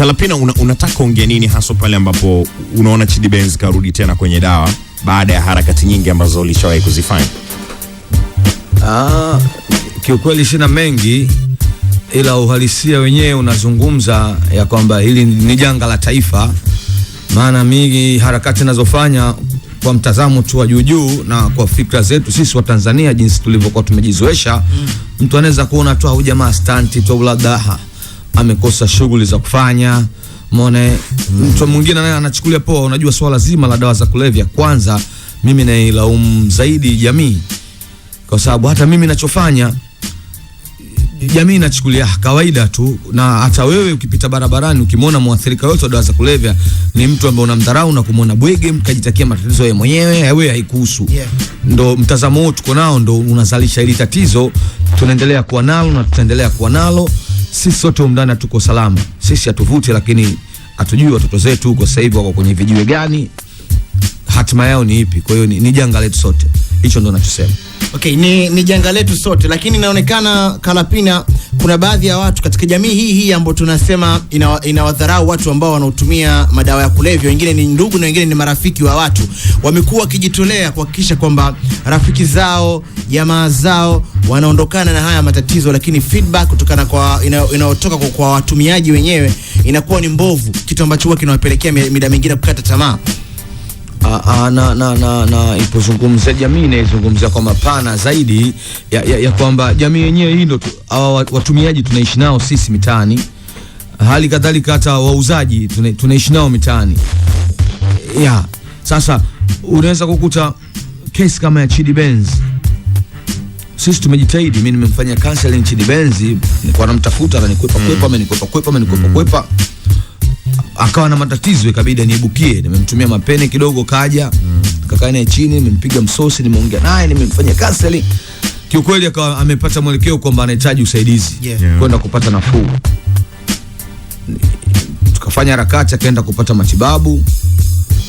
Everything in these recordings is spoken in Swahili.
Kalapina, una, unataka ongea nini haswa pale ambapo unaona Chidi Benz karudi tena kwenye dawa baada ya harakati nyingi ambazo ulishawahi kuzifanya? Ah, kiukweli sina mengi ila uhalisia wenyewe unazungumza ya kwamba hili ni janga la taifa. Maana mingi harakati nazofanya kwa mtazamo tu wa juu na kwa fikra zetu sisi wa Tanzania jinsi tulivyokuwa tumejizoesha, mm. mtu anaweza kuona tu jamaa stanti tu labda amekosa shughuli za kufanya mone mtu mwingine naye anachukulia poa. Unajua, swala zima la dawa za kulevya, kwanza mimi nailaumu zaidi jamii, kwa sababu hata mimi nachofanya jamii inachukulia kawaida tu, na hata wewe ukipita barabarani ukimwona mwathirika yote wa dawa za kulevya ni mtu ambaye unamdharau na kumwona bwege, mkajitakia matatizo yeye mwenyewe, wewe haikuhusu. Yeah. Ndo mtazamo huo tuko nao, ndo unazalisha hili tatizo, tunaendelea kuwa nalo na tutaendelea kuwa nalo sisi sote umndani tuko salama, sisi hatuvuti, lakini hatujui watoto zetu huko sasa hivi wako kwenye vijiwe gani, hatima yao ni ipi. Kwa hiyo ni, ni janga letu sote. Hicho ndo nachosema. Okay, ni, ni janga letu sote, lakini inaonekana Kalapina, kuna baadhi ya watu katika jamii hii hii ambayo tunasema inawadharau ina watu ambao wanaotumia madawa ya kulevya, wengine ni ndugu na wengine ni marafiki wa watu, wamekuwa wakijitolea kuhakikisha kwamba rafiki zao, jamaa zao wanaondokana na haya matatizo, lakini feedback kutokana kwa inayotoka ina kwa watumiaji wenyewe inakuwa ni mbovu, kitu ambacho huwa kinawapelekea mida mingine kukata tamaa. Ah, ah, na, na, na, na ipozungumzia jamii inaizungumza kwa mapana zaidi ya, ya, ya kwamba jamii yenyewe hii ndio hawa watumiaji tunaishi nao sisi mitaani, hali kadhalika hata wauzaji tunaishi nao mitaani ya. Sasa unaweza kukuta kesi kama ya Chidi Benz, sisi tumejitahidi, mimi nimemfanya counseling Chidi Benz, nilikuwa namtafuta na nikwepa mm. kwepa, amenikwepa kwepa, amenikwepa mm. kwepa akawa na matatizo, ikabidi niibukie. Nimemtumia mapene kidogo, kaja kakaa naye chini, nimempiga msosi, nimeongea naye, nimemfanya counseling. Kiukweli akawa amepata mwelekeo kwamba anahitaji usaidizi yeah. kwenda kupata nafuu. Tukafanya harakati, akaenda kupata matibabu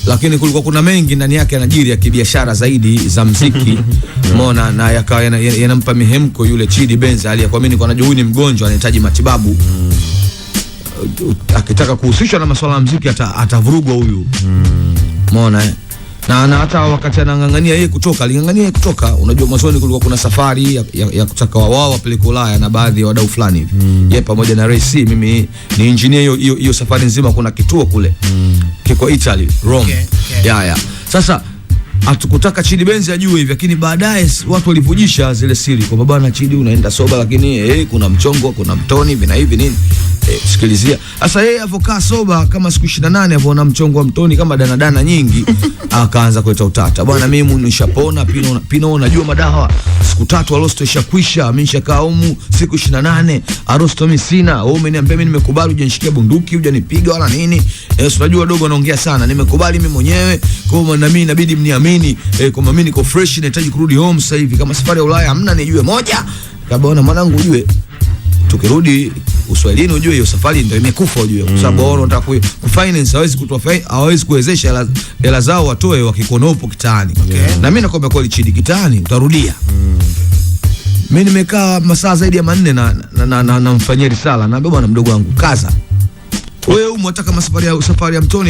lakini kulikuwa kuna mengi ndani yake yanajiri ya kibiashara zaidi za mziki umeona yeah. na yakawa yanampa mihemko yule Chidi Benz aliyekuamini kwa huyu ni mgonjwa anahitaji matibabu mm. Uh, akitaka kuhusishwa na masuala ya muziki atavurugwa huyu. Hmm. Umeona eh? Na na hata wakati anang'ang'ania yeye kutoka, aling'ang'ania yeye kutoka. Unajua mwanzoni kulikuwa kuna safari ya, ya, ya kutaka wao wapeleke Ulaya na baadhi ya wadau fulani hivi. Mm. Yeye pamoja na Ray C, mimi ni engineer hiyo hiyo safari nzima kuna kituo kule. Mm. Kiko Italy, Rome. Okay, okay. Yeah, yeah. Sasa hatukutaka Chidi Benzi ajue hivi, lakini baadaye watu walivujisha zile siri kwamba bwana Chidi unaenda soba, lakini eh, kuna mchongo, kuna mtoni vina hivi nini eh, sikilizia sasa. Yeye avokaa soba kama siku 28 avona mchongo wa mtoni kama danadana nyingi akaanza kuleta utata, bwana mimi nishapona pino, pino unajua madawa siku tatu arosto ishakwisha, mimi nishakaa humu siku 28 arosto mimi sina. Wewe umeniambia mimi nimekubali, hujanishikia bunduki, hujanipiga wala nini eh, unajua dogo anaongea sana, nimekubali mimi mwenyewe kwa maana mimi inabidi mniamini nini eh, kwamba mimi niko fresh, nahitaji kurudi home sasa hivi, kama safari ya Ulaya hamna, nijue moja kabona mwanangu, ujue tukirudi Uswahilini ujue hiyo safari ndio imekufa ujue, kwa sababu wao wanataka ku ku finance, hawezi kutoa hawezi kuwezesha hela zao watoe wakikonopo kitani. Okay. Yeah. Na mimi nakwambia kweli, chidi kitani utarudia. mimi Mm. nimekaa masaa zaidi ya manne na na, na, na, na mfanyia risala na bwana mdogo wangu kaza wewe umu hata kama safari ya safari ya mtoni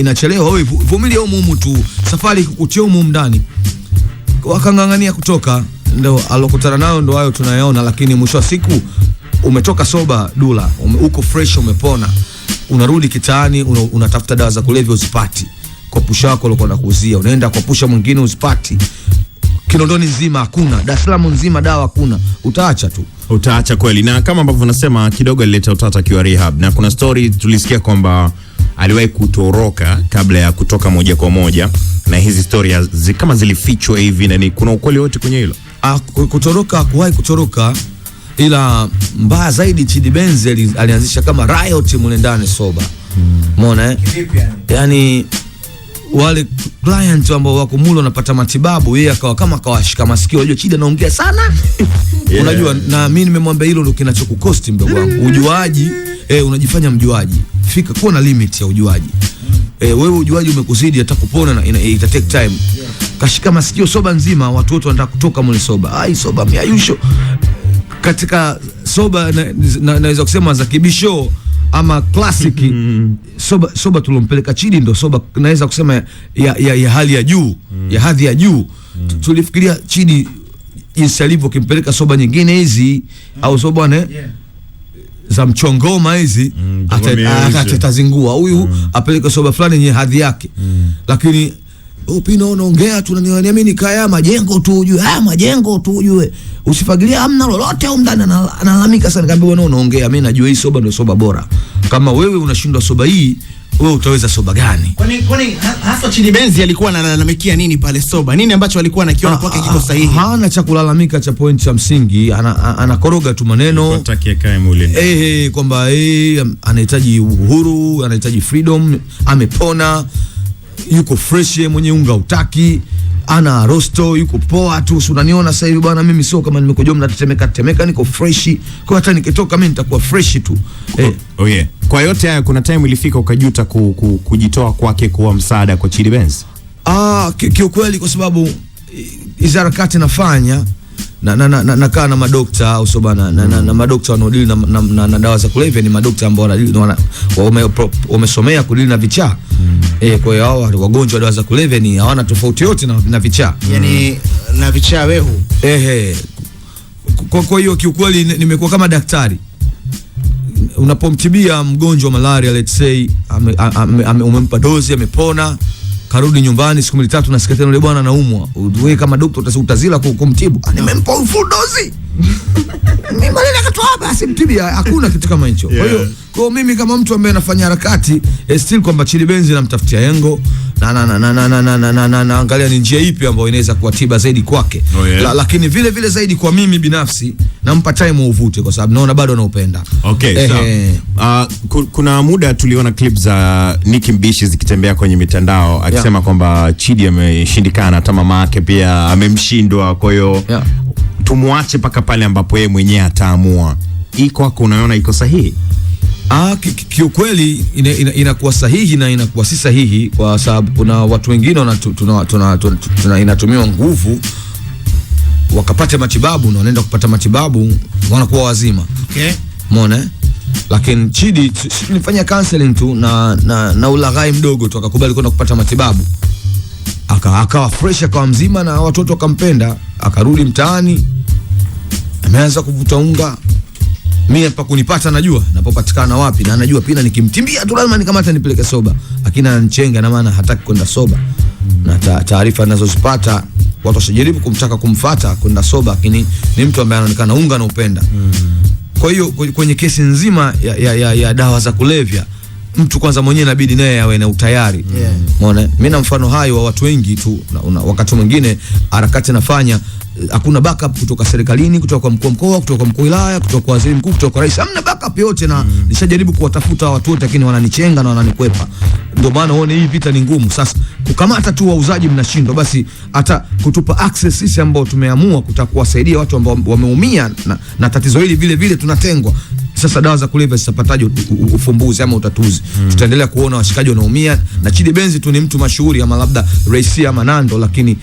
inachelewa, ina wewe vumilia humu humu tu, safari kukutia humu ndani. Wakang'ang'ania kutoka, ndo alokutana nayo, ndo hayo tunayaona, lakini mwisho wa siku umetoka soba Dula, ume, uko fresh, umepona, unarudi kitaani, una, unatafuta dawa za kulevya uzipati kwa pusha wako ulikuwa unakuuzia, unaenda kwa pusha mwingine uzipati. Kinondoni nzima hakuna, Dar es Salaam nzima dawa hakuna, utaacha tu utaacha kweli. Na kama ambavyo unasema kidogo alileta utata akiwa rehab, na kuna story tulisikia kwamba aliwahi kutoroka kabla ya kutoka moja kwa moja, na hizi story zi, kama zilifichwa hivi, na ni kuna ukweli wote kwenye hilo? Ah, kutoroka kuwahi kutoroka, ila mbaya zaidi Chidi Benz alianzisha kama riot mule ndani soba, hmm. umeona eh yani yaani wale client ambao wako mule wanapata matibabu, yeye akawa kama kawashika masikio, unajua chida, naongea sana yeah. Unajua, na mimi nimemwambia hilo ndio kinachokukosti mdogo wangu, ujuaji eh, unajifanya mjuaji, fika kuwa na limit ya ujuaji eh, wewe ujuaji umekuzidi, hata kupona na ita take time. Kashika masikio soba nzima, watu wote wanataka kutoka mule soba, ai soba miayusho katika soba naweza na, na kusema za kibisho ama klasiki soba, soba tulompeleka chini ndo soba naweza kusema ya, ya, ya hali ya juu mm. ya hadhi ya juu mm. tulifikiria chini jinsi alivyo, kimpeleka soba nyingine hizi mm. au soba ne yeah za mchongoma hizi mm, atatazingua huyu mm. apeleke soba fulani yenye hadhi yake mm. lakini upino unaongea tu unaniambia mimi nikae haya majengo tu ujue, haya majengo tu ujue, usifagilia amna lolote au mndani. Analalamika sana, kaambia wewe unaongea mimi najua hii soba ndio soba bora. Kama wewe unashindwa soba hii, wewe utaweza soba gani? Kwani kwani hasa chini Benzi alikuwa analalamikia nini pale soba? Nini ambacho alikuwa anakiona ah, kwake ah, kiko ah, sahihi? Hana cha kulalamika cha point cha msingi, anakoroga ana tu maneno yakae mule eh, eh, kwamba eh, anahitaji uhuru, anahitaji freedom, amepona yuko fresh mwenye unga utaki ana rosto yuko poa tu, si unaniona sasa hivi bwana, mimi sio kama nimekojoa mnatetemeka tetemeka, niko fresh kwa hata nikitoka mimi nitakuwa fresh tu eh. Oh, oh yeah, kwa yote haya kuna time ilifika ukajuta ku, ku, kujitoa kwake kuwa msaada kwa Chidi Benz? Ah, kiukweli kwa sababu eh, izara kati nafanya na na na, na, na, na madokta au sio bana na, na, na madokta wanaodili na, na, na, na dawa za kulevya ni madokta ambao wamesomea kudili na vichaa mm. Eh, kwa hiyo hao wagonjwa dawa za kulevya ni hawana tofauti yote na, na vichaa yani mm. na vichaa wehu ehe. Kwa, kwa hiyo kiukweli nimekuwa kama daktari unapomtibia mgonjwa malaria let's say ame, ame, ame, umempa dozi amepona karudi nyumbani siku mbili tatu, nasikia tena yule bwana anaumwa. Wewe kama daktari utazila kumtibu? Nimempa full mtibi, hakuna kitu kama hicho. Kwa hiyo Kwa mimi kama mtu ambaye anafanya harakati eh, still kwamba chilibenzi Benz namtafutia yengo na, na, na, na, na, na, na, na, na, naangalia ni njia ipi ambayo inaweza kuwa tiba zaidi kwake. Oh, yeah. La, lakini vile vile zaidi kwa mimi binafsi nampa time uvute kwa sababu naona bado anaupenda. Okay, eh, so, uh, kuna muda tuliona clip za Nicki Mbishi zikitembea kwenye mitandao akisema yeah, kwamba Chidi ameshindikana hata mama yake pia amemshindwa, kwa hiyo yeah, tumwache mpaka pale ambapo yeye mwenyewe ataamua. Iko kwako unaona iko sahihi? Ah, kiukweli inakuwa ina, ina sahihi na inakuwa si sahihi kwa sababu kuna watu wengine inatumiwa nguvu wakapata matibabu na wanaenda kupata matibabu wanakuwa wazima. Okay. Mona, eh? Lakini Chidi nilifanya counseling tu na, na, na ulaghai mdogo tu akakubali kwenda kupata matibabu akawa aka fresh akawa mzima na watoto wakampenda, akarudi mtaani ameanza kuvuta unga mimi hapa kunipata najua napopatikana wapi na najua pina nikimtimbia tu lazima nikamata nipeleke soba. lakini ananichenga na maana hataki kwenda soba. Na taarifa ninazozipata watu wasijaribu kumtaka kumfata kwenda soba, lakini ni mtu ambaye anaonekana unga na upenda. Hmm. Kwa hiyo kwenye kesi nzima ya, ya, ya, ya dawa za kulevya mtu kwanza mwenyewe inabidi naye awe na utayari umeona yeah. mimi na mfano hayo wa watu wengi tu una, una, wakati mwingine harakati nafanya eh, hakuna backup kutoka serikalini, kutoka kwa mkuu mkoa, kutoka kwa mkuu wilaya, kutoka kwa waziri mkuu, kutoka kwa rais, hamna backup yote na mm. nishajaribu kuwatafuta watu wote, lakini wananichenga na wananikwepa. Ndio maana uone hii vita ni ngumu. Sasa kukamata tu wauzaji mnashindwa, basi hata kutupa access sisi ambao tumeamua kutakuwasaidia watu ambao wameumia na, na tatizo hili vile vile tunatengwa sasa dawa za kulevya zitapataje ufumbuzi ama utatuzi? Hmm. Tutaendelea kuona washikaji wanaumia, na Chidi Benzi tu ni mtu mashuhuri ama labda Raisi ama Nando, lakini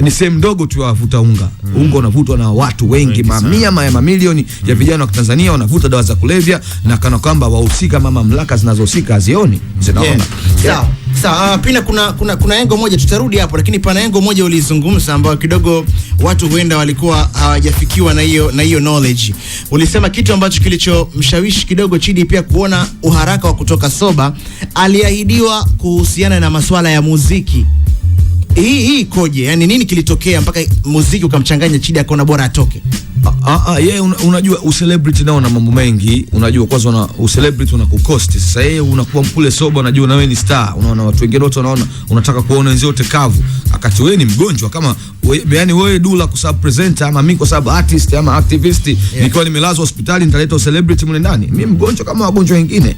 ni sehemu ndogo tu ya wavuta unga mm. Unga unavutwa na watu wengi, mamia maya mamilioni ya hmm. vijana wa Tanzania wanavuta dawa za kulevya, na kana kwamba wahusika mama mamlaka zinazohusika hazioni zinaona. yeah. yeah. sawa sawa. Uh, pina kuna, kuna, kuna engo moja tutarudi hapo, lakini pana engo moja ulizungumza ambayo kidogo watu huenda walikuwa hawajafikiwa uh, na hiyo na hiyo knowledge. Ulisema kitu ambacho kilichomshawishi kidogo Chidi pia kuona uharaka wa kutoka soba, aliahidiwa kuhusiana na masuala ya muziki hii hii ikoje? Yani nini kilitokea mpaka muziki ukamchanganya Chidi akaona bora atoke? Ah, ah, ah Yeye un, unajua ucelebrity nao na mambo mengi. Unajua kwanza una ucelebrity unakukosti. Sasa yeye unakuwa mkule sobo, unajua na wewe ni star, unaona watu wengine wote wanaona, unataka kuona wenzio wote kavu, akati wewe ni mgonjwa kama we, yani wewe dula kwa sababu presenter ama mimi kwa sababu artist ama activist yeah. Nikiwa nimelazwa hospitali nitaleta ucelebrity mle ndani, mimi mgonjwa kama wagonjwa wengine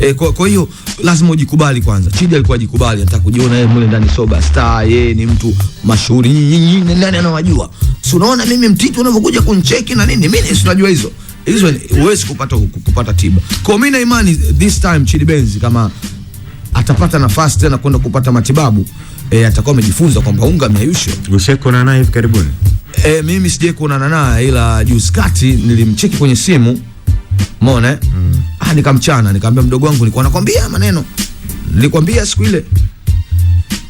E, kwa, kwa hiyo lazima ujikubali kwanza. Chidi alikuwa ajikubali, anataka kujiona yeye mule ndani soba star, yeye ni mtu mashuhuri, nyinyi nani anawajua? Si unaona mimi mtitu unavyokuja kunicheki na nini, mimi si najua hizo hizo, huwezi kupata kupata tiba. Kwa mimi na imani this time Chidi Benz kama atapata nafasi tena kwenda kupata matibabu e, atakuwa amejifunza kwamba unga miayusho. Ushakuonana naye hivi karibuni? E, mimi sijakuonana naye, ila juzi kati nilimcheki kwenye simu Umeona eh? Mm. Ah, nikamchana nikamwambia mdogo wangu nilikuwa nakwambia maneno. Nilikwambia siku ile.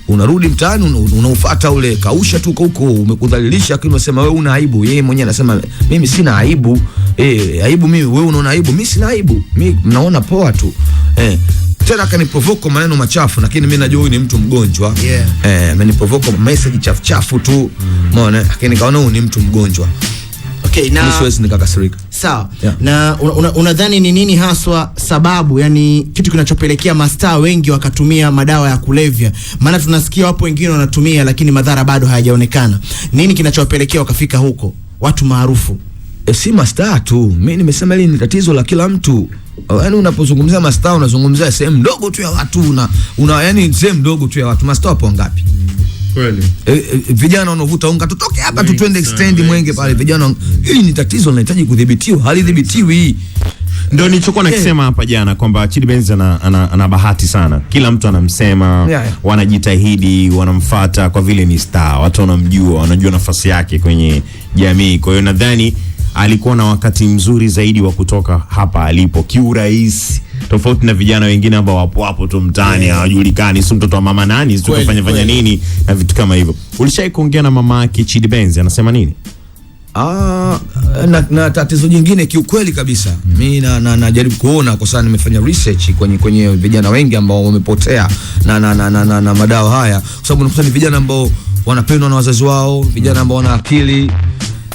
Unarudi mtaani unaufata ule kausha tu huko umekudhalilisha, lakini unasema wewe una aibu. Yeye mwenyewe anasema mimi sina aibu. Eh, aibu mimi, wewe unaona aibu? Mimi sina aibu. Mimi naona poa tu. Eh. Tena akaniprovoke maneno machafu, lakini mimi najua huyu ni mtu mgonjwa. Yeah. Eh, ameniprovoke message chafu chafu tu. Mm. Umeona? Mm. Lakini nikaona huyu ni mtu mgonjwa. Okay, na siwezi nikakasirika. Sawa. Yeah. Na unadhani una ni nini haswa sababu, yani kitu kinachopelekea mastaa wengi wakatumia madawa ya kulevya? Maana tunasikia wapo wengine wanatumia, lakini madhara bado hayajaonekana. Nini kinachowapelekea wakafika huko, watu maarufu? E, si mastaa tu, mi nimesema hili ni tatizo la kila mtu. Yaani unapozungumzia mastaa unazungumzia sehemu ndogo tu ya watu una, una yani sehemu ndogo tu ya watu. Mastaa wapo ngapi? Kweli. E, e, vijana wanaovuta unga tutoke hapa tutwende extend mwenge pale vijana. Hii ni tatizo linahitaji kudhibitiwa, halidhibitiwi. Ndio nilichokuwa nakisema eh. hapa yeah, jana kwamba Chidi Benz ana, ana, ana bahati sana. Kila mtu anamsema yeah, wanajitahidi wanamfata kwa vile ni star, watu wanamjua, wanajua nafasi yake kwenye jamii. Kwa hiyo nadhani alikuwa na wakati mzuri zaidi wa kutoka hapa alipo kiurahisi, tofauti na vijana wengine ambao wapo hapo tu mtaani hawajulikani, yeah. si mtoto wa mama nani, si tukafanya fanya nini na vitu kama hivyo. Ulishai kuongea na mama yake Chidi Benz, anasema nini? Ah, na, na tatizo jingine kiukweli kabisa mm. Mi na, na, kuona kwa sababu nimefanya research kwenye kwenye vijana wengi ambao wamepotea na, na, na, na, na, na madawa haya, kwa sababu unakuta ni vijana ambao wanapendwa na wazazi wao, vijana hmm. ambao wana akili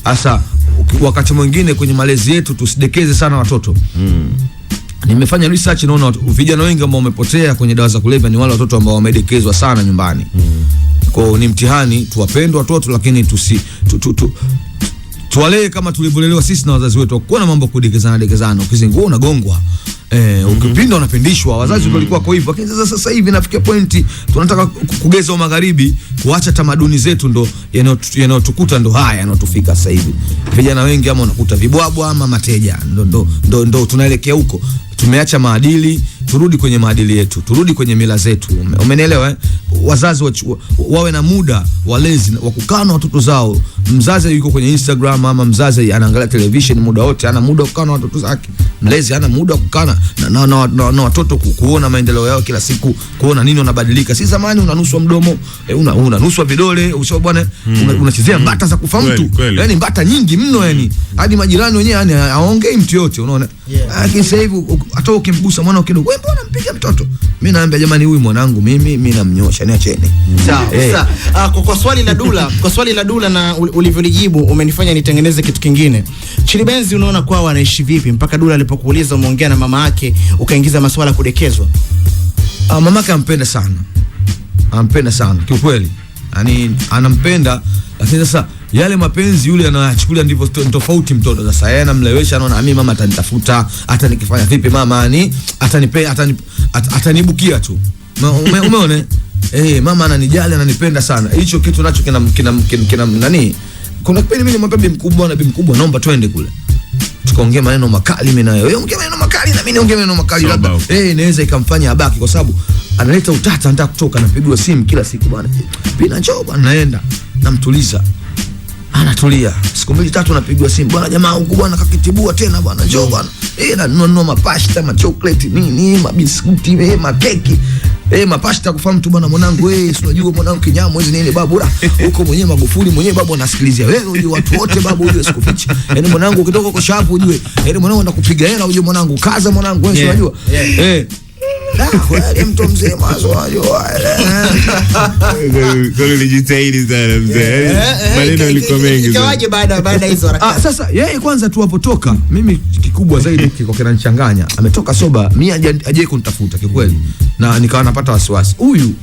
hasa wakati mwingine kwenye malezi yetu tusidekeze sana watoto mm. Nimefanya research naona vijana wengi ambao wamepotea kwenye dawa za kulevya ni wale watoto ambao wamedekezwa sana nyumbani mm. Kwao ni mtihani, tuwapende watoto lakini tusi tu, tu, tu, tuwalee kama tulivyolelewa sisi na wazazi wetu, kuwa na mambo kudekezana dekezana, ukizingua unagongwa eh, mm -hmm. Ukipinda unapindishwa, wazazi mm -hmm. walikuwa kwa hivyo, lakini sasa hivi nafikia pointi tunataka kugeza magharibi, kuacha tamaduni zetu, ndo yanayotukuta ndo haya yanayotufika sasa hivi. Vijana wengi ama unakuta vibwabwa ama mateja, ndo, ndo, ndo, ndo tunaelekea huko. Tumeacha maadili, turudi kwenye maadili yetu, turudi kwenye mila zetu. Umenielewa eh? Wazazi wa, wawe na muda walezi wa kukaa na watoto zao. Mzazi yuko kwenye Instagram ama mzazi anaangalia television muda wote, ana muda kukaa na watoto zake. Mlezi ana muda kukaa na, na, na, na na watoto kuona maendeleo yao kila siku, kuona nini wanabadilika. Si zamani unanuswa mdomo eh, una, unanuswa vidole usio bwana hmm. unachezea mm. mbata za kufa mtu yani mbata nyingi mno yani hmm. hadi majirani wenyewe yani haongei mtu yote, unaona yeah. Lakini sasa hivi hata ukimgusa mwana kidogo, wewe mbona mpiga mtoto? Mimi naambia jamani, huyu mwanangu mimi mimi namnyosha, niacheni hmm. sawa eh. sawa. Ah, kwa, kwa swali la Dula kwa swali la Dula na ulivyolijibu umenifanya nitengeneze kitu kingine. Chilibenzi, unaona kwao wanaishi vipi mpaka Dula alipokuuliza umeongea na mama yake ukaingiza masuala kudekezwa? Uh, mamake ampenda sana, ampenda sana kiukweli, yani anampenda, lakini sasa yale mapenzi yule anayachukulia ndivyo tofauti mtoto. Sasa yeye anamlewesha, anaona ah, mimi mama atanitafuta, hata nikifanya vipi mama ni yaani, atanipe atanibukia tu, umeona eh, eh, mama ananijali, ananipenda sana. Hicho kitu nacho kina kina nani, kuna kipindi mimi nimwambia bi mkubwa na bi mkubwa, naomba twende kule tukaongea maneno makali mimi na wewe, ongea maneno makali na mimi niongea maneno makali, labda eh, inaweza ikamfanya abaki, kwa sababu analeta utata, anataka kutoka, anapigwa simu kila siku bwana, pina njoo bwana, naenda namtuliza anatulia. Siku mbili tatu anapigwa simu, bwana jamaa huku bwana kakitibua tena bwana, njoo mm. bwana eh, na nunua mapasta, machokoleti, nini, mabiskuti, eh, makeki eh, eh mapasta kufahamu mtu bwana mwanangu, eh, si unajua mwanangu kinyama hizi nini babu, la huko mwenyewe Magufuli mwenyewe babu anasikilizia wewe, unajua watu wote babu, unajua fichi yani mwanangu ukitoka kwa shapu ujue, yani mwanangu anakupiga hela, unajua mwanangu kaza mwanangu, wewe si unajua eh mtu mzima eh. sana mzee. Eh, eh, yaani, yalikuwa mengi. Ah, yeye kwanza tu hapotoka, mimi kikubwa zaidi kiko Ametoka soba, mi ajai kuntafuta kikweli. Na nikawa napata wasiwasi. Huyu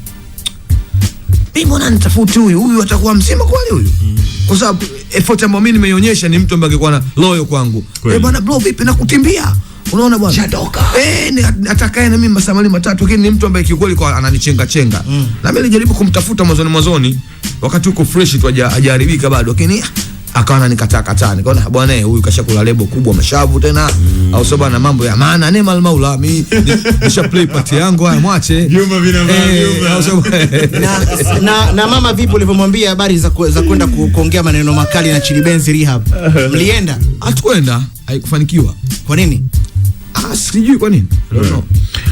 mbona nitafuti huyu? Huyu atakuwa mzima kwali huyu? Kwa sababu effort ambayo mimi nimeionyesha ni mtu ambaye angekuwa na loyo kwangu. Eh, bwana bro, vipi nakutimbia? Unaona bwana? Jadoka. Eh, atakaye na mimi masamali matatu lakini ni mtu ambaye kiukweli kwa ananichenga chenga. Mm. Na mimi nilijaribu kumtafuta mwanzoni mwanzoni wakati huko fresh tu hajaharibika bado lakini akawa ananikataa kataa. Nikaona bwana eh, huyu kashakula lebo kubwa mashavu tena. Mm. Au sababu na mambo ya maana nema mal maula mimi nisha play part yangu haya mwache. Vyuma vinavaa mambo eh, sababu na, na na mama vipi ulivyomwambia habari za za kwenda kuongea maneno makali na Chidi Benz Rehab? Eh. Mlienda? Hatukwenda. Haikufanikiwa. Kwa nini? Ah, sijui kwa nini. Yeah. Mm.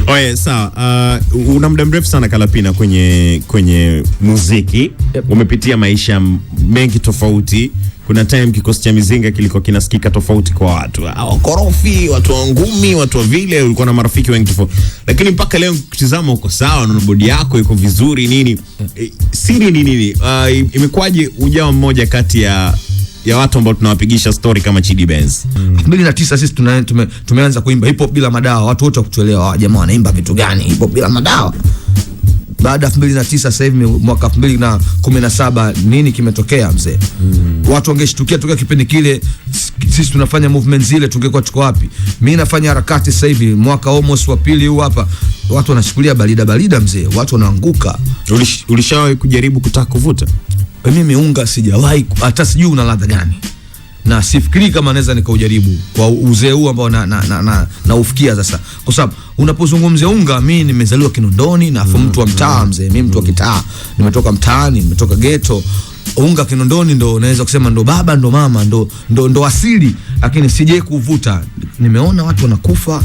Oye, sawa. Uh, una muda mrefu sana Kalapina kwenye kwenye muziki. Yep. Umepitia maisha mengi tofauti. Kuna time kikosi cha mizinga kilikuwa kinasikika tofauti kwa watu ah, wakorofi, watu wa ngumi, watu wa vile, ulikuwa na marafiki wengi tofauti, lakini mpaka leo kutizama uko sawa na bodi yako iko vizuri nini. E, eh, siri ni nini? Uh, imekuwaje ujao mmoja kati ya ya watu ambao tunawapigisha story kama Chidi Benz. 2009 hmm. sisi tume, tumeanza kuimba hip hop bila madawa, watu wote wakutuelewa, wa ah, jamaa wanaimba vitu gani hip hop bila madawa. Baada ya 2009 sasa hivi mwaka 2017 nini kimetokea mzee? Mm. Watu wangeshtukia tokea kipindi kile sisi tunafanya movement zile tungekuwa tuko wapi? Mimi nafanya harakati sasa hivi mwaka almost wa pili huu hapa. Watu wanashukulia balida balida mzee, watu wanaanguka. Ulishawahi kujaribu kutaka kuvuta? kwa mimi unga sijawahi hata sijui una ladha gani, na sifikiri kama naweza nikaujaribu kwa uzee huu ambao na, na, na, na, na ufikia sasa, kwa sababu unapozungumzia unga, mimi nimezaliwa Kinondoni na afu mm, mtu wa mtaa mm. mzee, mimi mtu wa mm. kitaa, nimetoka mtaani, nimetoka ghetto unga Kinondoni ndo naweza kusema ndo baba ndo mama ndo, ndo, ndo asili, lakini sije kuvuta. Nimeona watu wanakufa,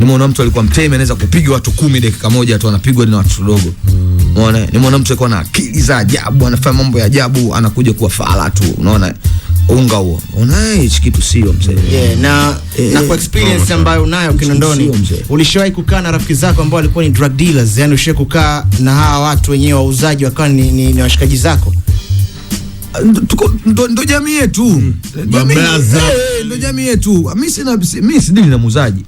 nimeona mtu alikuwa mtemi anaweza kupiga watu kumi dakika moja tu, anapigwa na watu wadogo. Unaona, ni mwanamke kwa na akili za ajabu, anafanya mambo ya ajabu, anakuja kuwa fala tu. Unaona unga huo, unaye hichi kitu sio mzee. Yeah, na eh, na kwa eh, experience ambayo unayo Kinondoni, ulishawahi kukaa na rafiki zako ambao walikuwa ni drug dealers? Yani ushawahi kukaa na hawa watu wenyewe wauzaji wakawa ni, ni, ni washikaji zako? Ndo jamii yetu, hmm. eh, ndo jamii yetu. Mimi sina, mimi sidili na muuzaji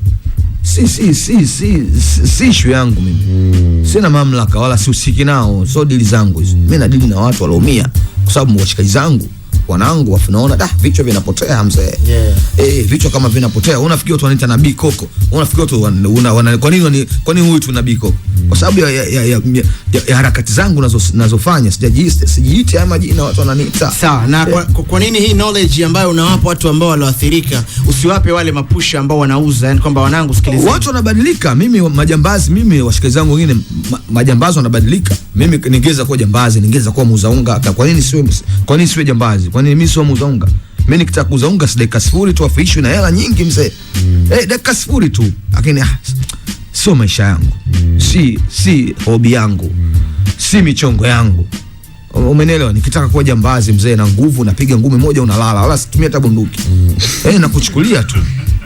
si, si, si, si, si ishu yangu mimi mm. Sina mamlaka wala sihusiki nao, so dili zangu hizo. na nadili na watu walaumia kwa sababu washikaji zangu wanangu afu naona da vichwa vinapotea mzee. Yeah. Eh, vichwa kama vinapotea, unafikiri watu wanaita nabii koko? Unafikiri watu una, una, kwa nini kwa nini huyu tu nabii koko? Kwa sababu ya, ya, ya, ya, ya, ya ya harakati zangu nazo nazofanya sijajiste sijiite ama jina watu wananiita. Sawa. Na yeah. kwa, eh. kwa nini hii knowledge ambayo unawapa watu ambao walioathirika usiwape wale mapusha ambao wanauza, yani kwamba wanangu sikilizeni. Watu wanabadilika, mimi majambazi, mimi washikaji zangu wengine ma, majambazi wanabadilika. Mimi ningeza kuwa jambazi, ningeza kuwa muuza unga. Kwa nini siwe kwa nini siwe jambazi? Kwa Kwani mimi sio muuza unga? Mimi nikitaka kuuza unga si dakika sifuri tu afishwe na hela nyingi mzee. Mm. Eh, dakika sifuri tu. Lakini ah, sio maisha yangu. Mm. Si si hobi yangu. Mm. Si michongo yangu. Umenielewa? Nikitaka kuwa jambazi mzee na nguvu napiga ngumi moja unalala, wala situmia hata bunduki. Mm. Eh, nakuchukulia tu.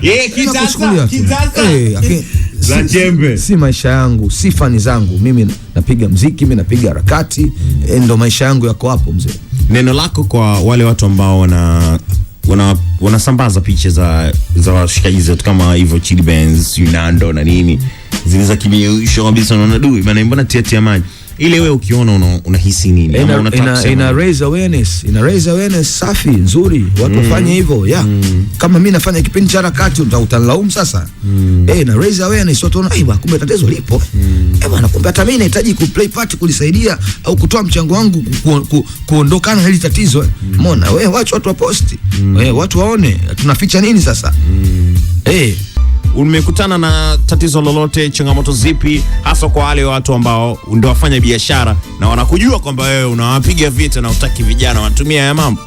Eh, kitasa, kitasa. Eh, la jembe. Si, si maisha yangu, si fani zangu. Mimi napiga mziki, mimi napiga harakati. Mm. Eh, ndo maisha yangu yako hapo mzee neno lako kwa wale watu ambao wana wanasambaza wana picha za za washikaji zetu kama hivyo Chidi Benz, Unando na nini zilizokimbia kabisa, unaona dui bana, mbona tia tia maji ile wewe ukiona unahisi nini? ina, ina, ina raise awareness, ina raise awareness safi nzuri, watu mm. wafanye hivyo ya. Mm. Kama mimi nafanya kipindi cha harakati utanilaumu sasa. mm. Eh, na raise awareness watu wana aiba kumbe tatizo lipo. mm. Eh bwana, kumbe hata mimi nahitaji ku play part kulisaidia au kutoa mchango wangu kuondokana na hili tatizo. Mm. Umeona wewe, watu wa post mm. Eh, watu waone tunaficha nini sasa? mm. Eh hey umekutana na tatizo lolote, changamoto zipi hasa kwa wale watu ambao ndio wafanya biashara na wanakujua kwamba wewe unawapiga vita na utaki vijana wanatumia haya mambo?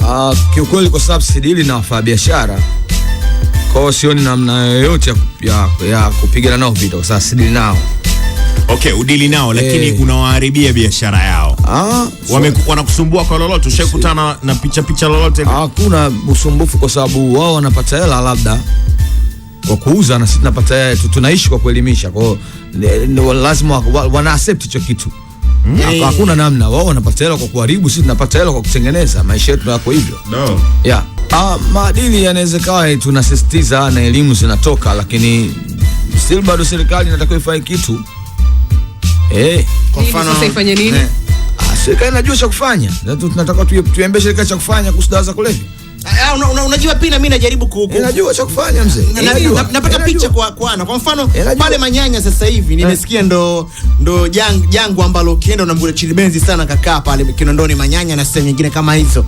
Uh, kiukweli kwa sababu sidili na wafanyabiashara kwa hiyo sioni namna yoyote ya, ya kupigana nao vita kwa sababu sidili nao. Okay, udili nao lakini hey, eh. unawaharibia biashara yao. Ah, wanakusumbua kwa lolote? Ushakutana na picha picha lolote? Hakuna usumbufu kwa sababu wao wanapata hela labda kwa kuuza na sisi tunapata, eh, tunaishi kwa kuelimisha. Kwa hiyo eh, lazima wana accept hicho kitu. Hmm. Hakuna namna, wao wanapata hela kwa kuharibu, sisi tunapata hela kwa kutengeneza. Maisha yetu yako hivyo. No. Yeah. Ah, maadili yanaweza kawa eh, tunasisitiza na elimu zinatoka, lakini still bado serikali inatakiwa ifanye kitu. Eh, kwa mfano sasa ifanye nini? Ah, Serikali inajua cha kufanya. Tunataka tuiambie serikali cha kufanya kuhusu dawa za kulevya. Eh, unajua pia mimi najaribu ku eh, najua cha kufanya mzee, napata eh, picha kwa kwana. Kwa mfano pale Manyanya sasa hivi nimesikia ndo ndo jangu ambalo ukienda unamkuta chini benzi sana kakaa pale Kinondoni Manyanya na sehemu nyingine kama hizo.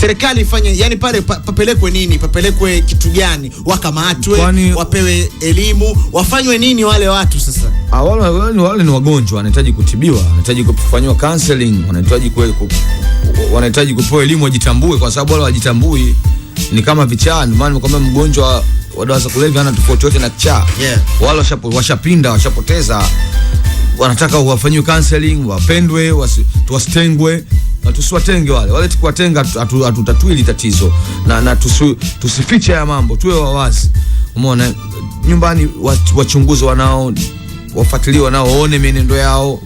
Serikali ifanye yani pale papelekwe nini? Papelekwe kitu gani? Wakamatwe, wapewe elimu, wafanywe nini wale watu sasa? Ah, wale wale ni wagonjwa, wanahitaji kutibiwa, wanahitaji kufanywa counseling, wanahitaji wanahitaji kupewa elimu, wajitambue kwa sababu wale wajitambui ni kama vichaa, ndio maana nimekwambia mgonjwa wa dawa za kulevya ana tofauti yote na kichaa. Yeah. Wale washapinda, washapoteza wanataka wafanywe counseling, wapendwe, tuwastengwe na tusiwatenge wale wale. Tukiwatenga hatutatwili tatizo na, na tusu, tusifiche haya mambo, tuwe wawazi. Umeona nyumbani, wachunguzi wanao wafuatilie, waone mienendo yao,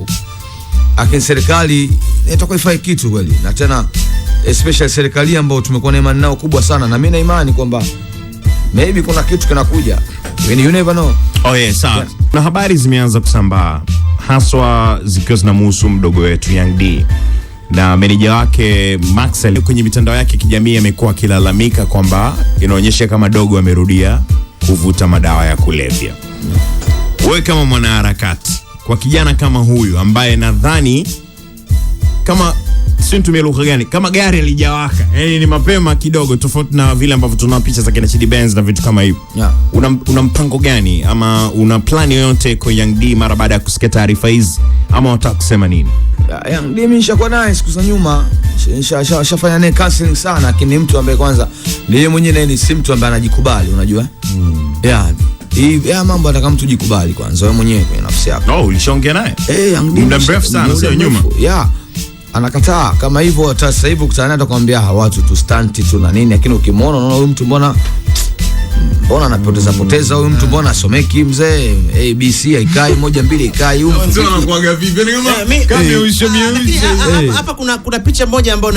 lakini serikali itakuwa ifai kitu kweli na tena especially serikali ambao tumekuwa na imani nao kubwa sana, na mimi na imani kwamba maybe kuna kitu kinakuja, yaani you never know. Oh yeah, sawa. Na habari zimeanza kusambaa haswa zikiwa zinamuhusu mdogo wetu Young D na meneja wake Max kwenye mitandao yake kijamii amekuwa akilalamika kwamba inaonyesha kama dogo amerudia kuvuta madawa ya kulevya. Wewe kama mwanaharakati, kwa kijana kama huyu ambaye nadhani kama sio nitumie lugha gani, kama gari lijawaka, yani ni mapema kidogo, tofauti na vile ambavyo tuna picha za kina Chidi Benz na vitu kama hivyo yeah. Una, una mpango gani ama una plani yoyote kwa Young D mara baada ya kusikia taarifa hizi ama wataka kusema nini? Yeah, Young D mimi nishakuwa naye siku za nyuma, nishafanya naye counseling sana, lakini mtu ambaye kwanza ndiye mwenyewe ni si mtu ambaye anajikubali, unajua mm. yeah hivi ya mambo ataka mtu jikubali kwanza wewe mwenyewe kwenye nafsi yako. Oh, ulishaongea naye? Eh, hey, muda mrefu sana sio nyuma. Yeah anakataa kama hivyo. Hata sasa hivi ukutana naye atakwambia ah, watu tu stunt tu na nini, lakini ukimwona unaona huyu mtu mbona mbona anapoteza poteza huyu mtu, mbona asomeki mzee, abc haikai moja mbili haikai. Huyu mtu anakuaga vipi? Ni kama eh, kama eh. uisho ah, eh. hapa. Kuna kuna picha moja ambayo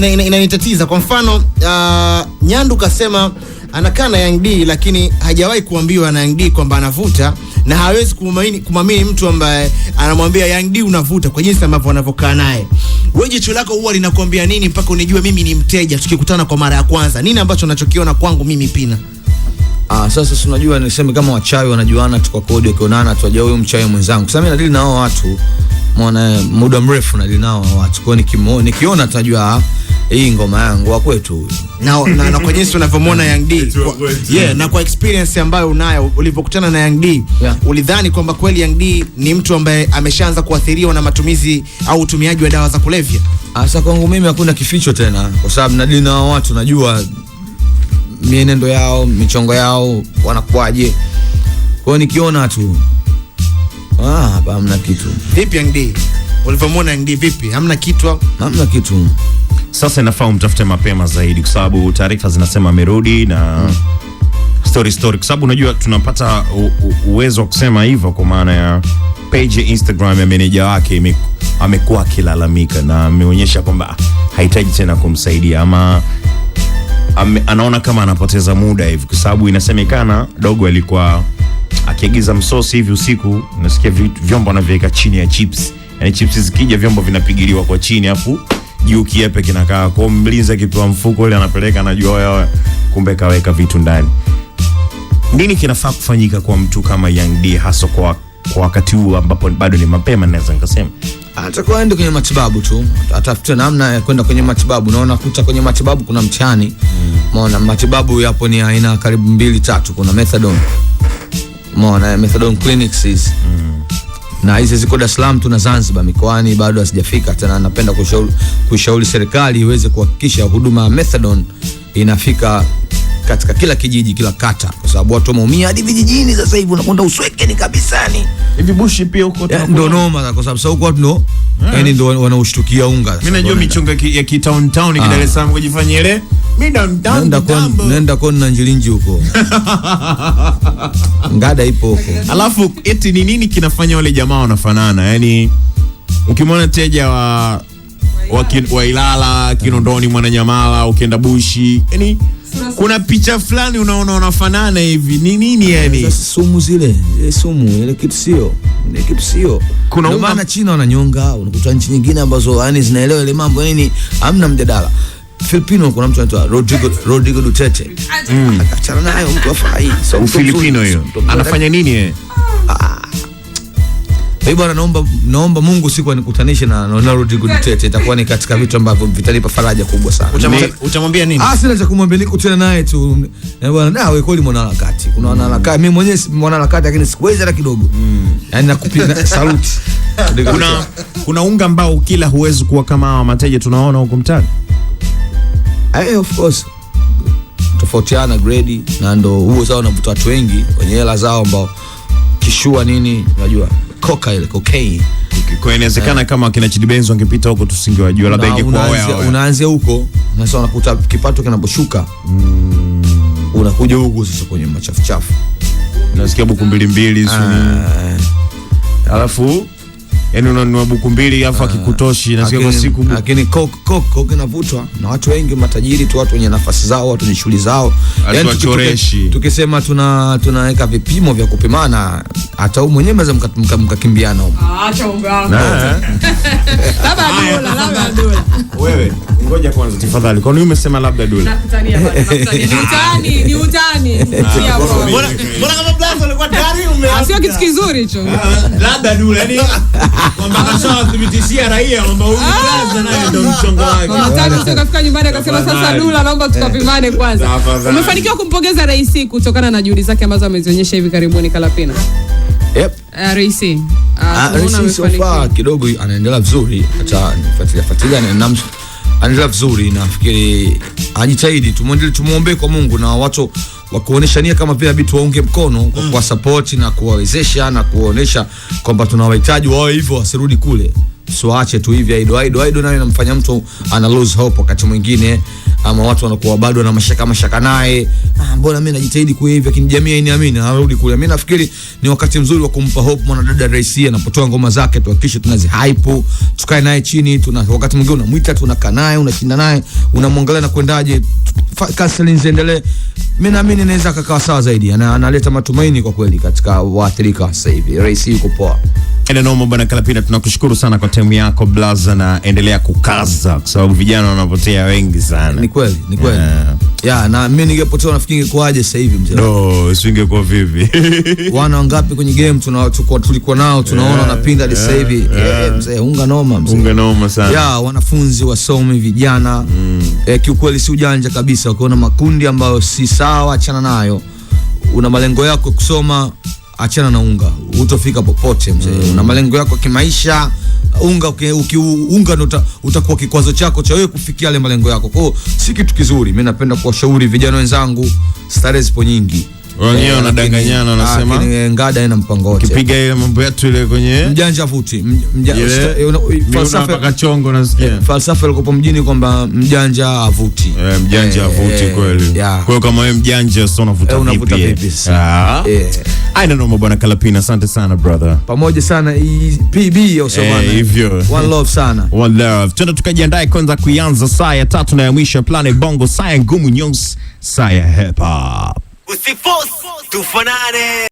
inanitatiza. Kwa mfano ah, Nyandu kasema anakaa na Young D lakini hajawahi kuambiwa na Young D kwamba anavuta na hawezi kumwamini mtu ambaye anamwambia Young D unavuta kwa jinsi ambavyo anavyokaa naye. Wewe jicho lako huwa linakwambia nini mpaka unijue mimi ni mteja tukikutana kwa mara ya kwanza? Nini ambacho unachokiona kwangu mimi Pina? Ah, sasa si unajua niseme kama wachawi wanajuana tu kwa kodi, wakionana tu wajua huyu mchawi mwenzangu. Sasa mimi nadili nao watu muda mrefu nadili nao watu. Kwa hiyo nikiona tunajua ah, Eh, hii ngoma yangu wa kwetu na, na, na kwa jinsi unavyomwona Young D kwa, yeah, na kwa experience ambayo unayo ulipokutana na Young D yeah, ulidhani kwamba kweli Young D ni mtu ambaye ameshaanza kuathiriwa na matumizi au utumiaji wa dawa za kulevya? hasa kwangu mimi hakuna kificho tena, kwa sababu nadili na watu, najua mienendo yao, michongo yao, wanakuwaje. Kwa hiyo nikiona tu ah, hapa hamna kitu. Vipi Young D ulivyomwona Young D vipi? Hamna kitu, hamna kitu sasa inafaa umtafute mapema zaidi, kwa sababu taarifa zinasema amerudi na mm. story story, kwa sababu unajua tunapata uwezo wa kusema hivyo kwa maana ya page ya Instagram ya meneja wake amekuwa akilalamika na ameonyesha kwamba hahitaji tena kumsaidia ama ame, anaona kama anapoteza muda hivi, kwa sababu inasemekana dogo alikuwa akiagiza msosi hivi usiku, nasikia vyombo anaviweka chini ya chips, yani chips zikija vyombo vinapigiliwa kwa chini afu juu kiepe kinakaa kwa mlinzi akipewa mfuko ile anapeleka, anajua wewe kumbe kaweka vitu ndani. Nini kinafaa kufanyika kwa mtu kama Young D hasa kwa kwa wakati huu ambapo bado ni mapema, naweza nikasema atakuwa aende kwenye matibabu tu, atafute namna ya kwenda kwenye matibabu. Naona kuta kwenye matibabu kuna mtihani Hmm, matibabu yapo ni aina karibu mbili tatu, kuna methadone maona, methadone clinics hizi mm na hizi ziko Dar es Salaam tu na Zanzibar, mikoani bado hazijafika. Tena napenda kushauri, kushauri serikali iweze kuhakikisha huduma ya methadone inafika katika kila kijiji, kila kata, kwa sababu watu wameumia hadi vijijini. Sasa hivi unakwenda Usweke Uswekeni kabisani hivi Bushi pia huko ndo noma, kwa sababu sasa huko watu ndo hmm. yani ndo wanaushtukia unga. Mimi najua michongo ya ki town town ki ah. Dar es Salaam kujifanyia ile mimi ndo mtambo, naenda kwa naenda kwa na njilinji huko ngada ipo huko, alafu eti ni nini kinafanya wale jamaa wanafanana? Yani ukimwona teja wa wa Ilala Kinondoni, Mwananyamala, ukienda Bushi yani kuna picha fulani unaona unafanana hivi, ni nini yani? Sumu zile eh, sumu ile kitu sio ile kitu sio. Kuna umma na China wananyonga, unakuta nchi nyingine ambazo yani zinaelewa ile mambo yani, hamna mjadala. Filipino kuna mtu anaitwa Rodrigo Rodrigo Duterte, akachana nayo mtu afai. Filipino hiyo anafanya nini yeye? Hey, bwana naomba naomba Mungu siku anikutanishe na Ronaldo Duterte, itakuwa ni katika vitu ambavyo vitalipa faraja kubwa sana. Utamwambia nini? Ah, sina cha kumwambia, niko tena naye tu. Na eh, bwana na wewe kweli mwana harakati. Kuna wana harakati. mimi mwenyewe mwana harakati lakini siwezi hata kidogo. Hmm. Yaani nakupiga saluti. Kuna kuna unga ambao kila huwezi kuwa kama hawa mateja tunaona huko mtaani. Eh, of course. Tofautiana grade na ndo huo sawa, na watu wengi wenye hela zao ambao kishua nini unajua koka ile cocaine. Kwa inawezekana eh. kama kina Chidi Benz wangepita huko tusingewajua, labda ingekuwa wewe. Unaanzia huko sasa, unakuta kipato kinaposhuka mm, unakuja huko sasa kwenye machafuchafu, nasikia buku mbili mbili, suni ah. alafu yani unanunua buku mbili afu ah, akikutoshi, na sio kwa siku. Lakini coke coke coke inavutwa na watu wengi, matajiri tu, watu wenye nafasi zao, watu wenye shughuli zao, yani tukichoreshi. Tukisema tuna tunaweka vipimo vya kupimana, hata wewe mwenyewe mnaweza mkakimbiana huko. Ah, acha unga wako baba, dola labda dola. Wewe ngoja kwanza tafadhali, kwa nini umesema labda dola? Nakutania bwana, ni utani, ni utani. Ah, mbona kama blaza alikuwa tayari umeanza, sio kitu kizuri hicho, labda dola yani kwamba kashawathibitishia raia kwamba huyu Plaza naye ndio mchongo wake. Matatu ukafika nyumbani akasema sasa, Dula, naomba tukapimane kwanza. Umefanikiwa kumpongeza rais kutokana na juhudi zake ambazo amezionyesha hivi karibuni Kalapina? Yep. Uh, rais. Uh, kidogo anaendelea vizuri, hata nifuatilia fuatilia na anaendelea vizuri, nafikiri ajitahidi, tumwombe kwa Mungu na watu wa kuonesha nia kama vile bitu waunge mkono kwa mm. kuwasapoti na kuwawezesha na kuwaonyesha kwamba tunawahitaji wawe hivyo wasirudi kule usiwaache tu hivi aido aido aido, nayo inamfanya mtu ana lose hope wakati mwingine, ama watu wanakuwa bado na mashaka mashaka naye, ah, mbona mimi najitahidi kwa hivi, lakini jamii hainiamini, narudi kule. Mimi nafikiri ni wakati mzuri wa kumpa hope mwanadada Rais anapotoa ngoma zake, tuhakikishe tunazi hype, tukae naye chini, tuna wakati mwingine unamuita, tunakaa naye, unashinda naye, unamwangalia na kwendaje, counseling ziendelee. Mimi naamini inaweza kakaa sawa zaidi, analeta matumaini kwa kweli katika waathirika sasa hivi. Rais yuko poa. Elenoma bwana Kalapina, tunakushukuru sana kwa timu yako blaza, na endelea kukaza kwa sababu vijana wanapotea wengi sana. Ni kweli, ni kweli. Yeah. Yeah, na mimi ningepotea nafikiri ingekuaje sasa hivi mzee. No, isingekuwa vipi. Wana wangapi kwenye game tuna tulikuwa nao tunaona yeah, wanapinda yeah, sasa hivi. Yeah. Yeah, mzee unga noma mzee. Unga noma sana. Yeah, wanafunzi wasomi vijana mm. Eh, kiukweli si ujanja kabisa ukiona makundi ambayo si sawa, achana nayo. Una malengo yako kusoma achana na unga, utofika popote mzee mm. na malengo yako kimaisha unga ukiunga ndo utakuwa kikwazo chako cha wewe kufikia yale malengo yako. Kwa hiyo si kitu kizuri. Mimi napenda kuwashauri vijana wenzangu, stare zipo nyingi wengine eh, wanadanganyana wanasema ah, eh, Ngada ina mpango wote. Kipiga ile mambo yetu ile kwenye mjanja futi eh, Falsafa ya kachongo nasikia. Falsafa ilikopo mjini kwamba mjanja avuti. Eh, mjanja avuti kweli. Kwa hiyo kama wewe mjanja sio unavuta vipi? Ah. I don't know bwana Kalapina, asante sana brother. Pamoja sana PB hivyo. One love sana. One love. Twende tukajiandae kwanza kuanza saa ya tatu na ya mwisho plan Bongo, saa ngumu news, saa ya hip hop. O se fosse, tu fanare.